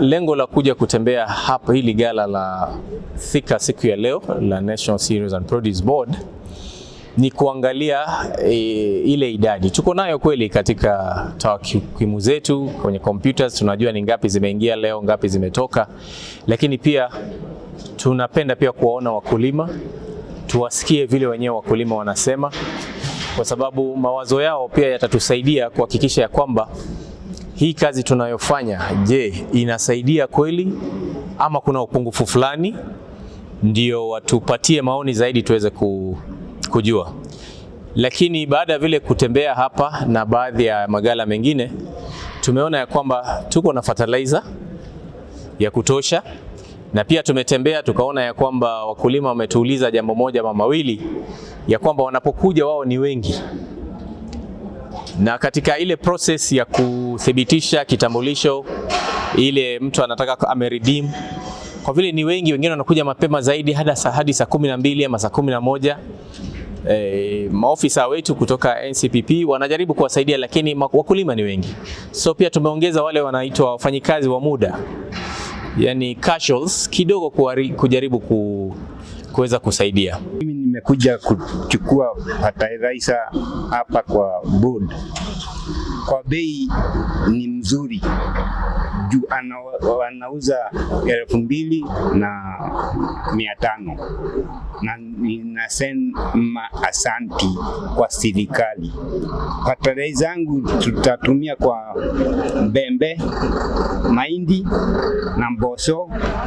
Lengo la kuja kutembea hapa hili gala la Thika siku ya leo la National Cereals and Produce Board ni kuangalia e, ile idadi tuko nayo kweli katika takwimu zetu kwenye computers, tunajua ni ngapi zimeingia leo, ngapi zimetoka, lakini pia tunapenda pia kuwaona wakulima, tuwasikie vile wenyewe wakulima wanasema, kwa sababu mawazo yao pia yatatusaidia kuhakikisha ya kwamba hii kazi tunayofanya, je, inasaidia kweli ama kuna upungufu fulani? Ndio watupatie maoni zaidi tuweze kujua. Lakini baada ya vile kutembea hapa na baadhi ya magala mengine, tumeona ya kwamba tuko na fertilizer ya kutosha, na pia tumetembea tukaona ya kwamba wakulima wametuuliza jambo moja ama mawili, ya kwamba wanapokuja wao ni wengi na katika ile process ya kuthibitisha kitambulisho, ile mtu anataka ameredeem, kwa vile ni wengi, wengine wanakuja mapema zaidi hadi saa hadi saa kumi na mbili ama saa kumi na moja. E, maofisa wetu kutoka NCPP wanajaribu kuwasaidia, lakini wakulima ni wengi, so pia tumeongeza wale wanaitwa wafanyikazi wa muda, yani casuals kidogo, kujaribu kuweza kusaidia nimekuja kuchukua fertilizer hapa kwa board kwa bei ni mzuri juu anauza elfu mbili na mia tano na ninasema asanti kwa serikali. Patrai zangu tutatumia kwa mbembe, mahindi na mboso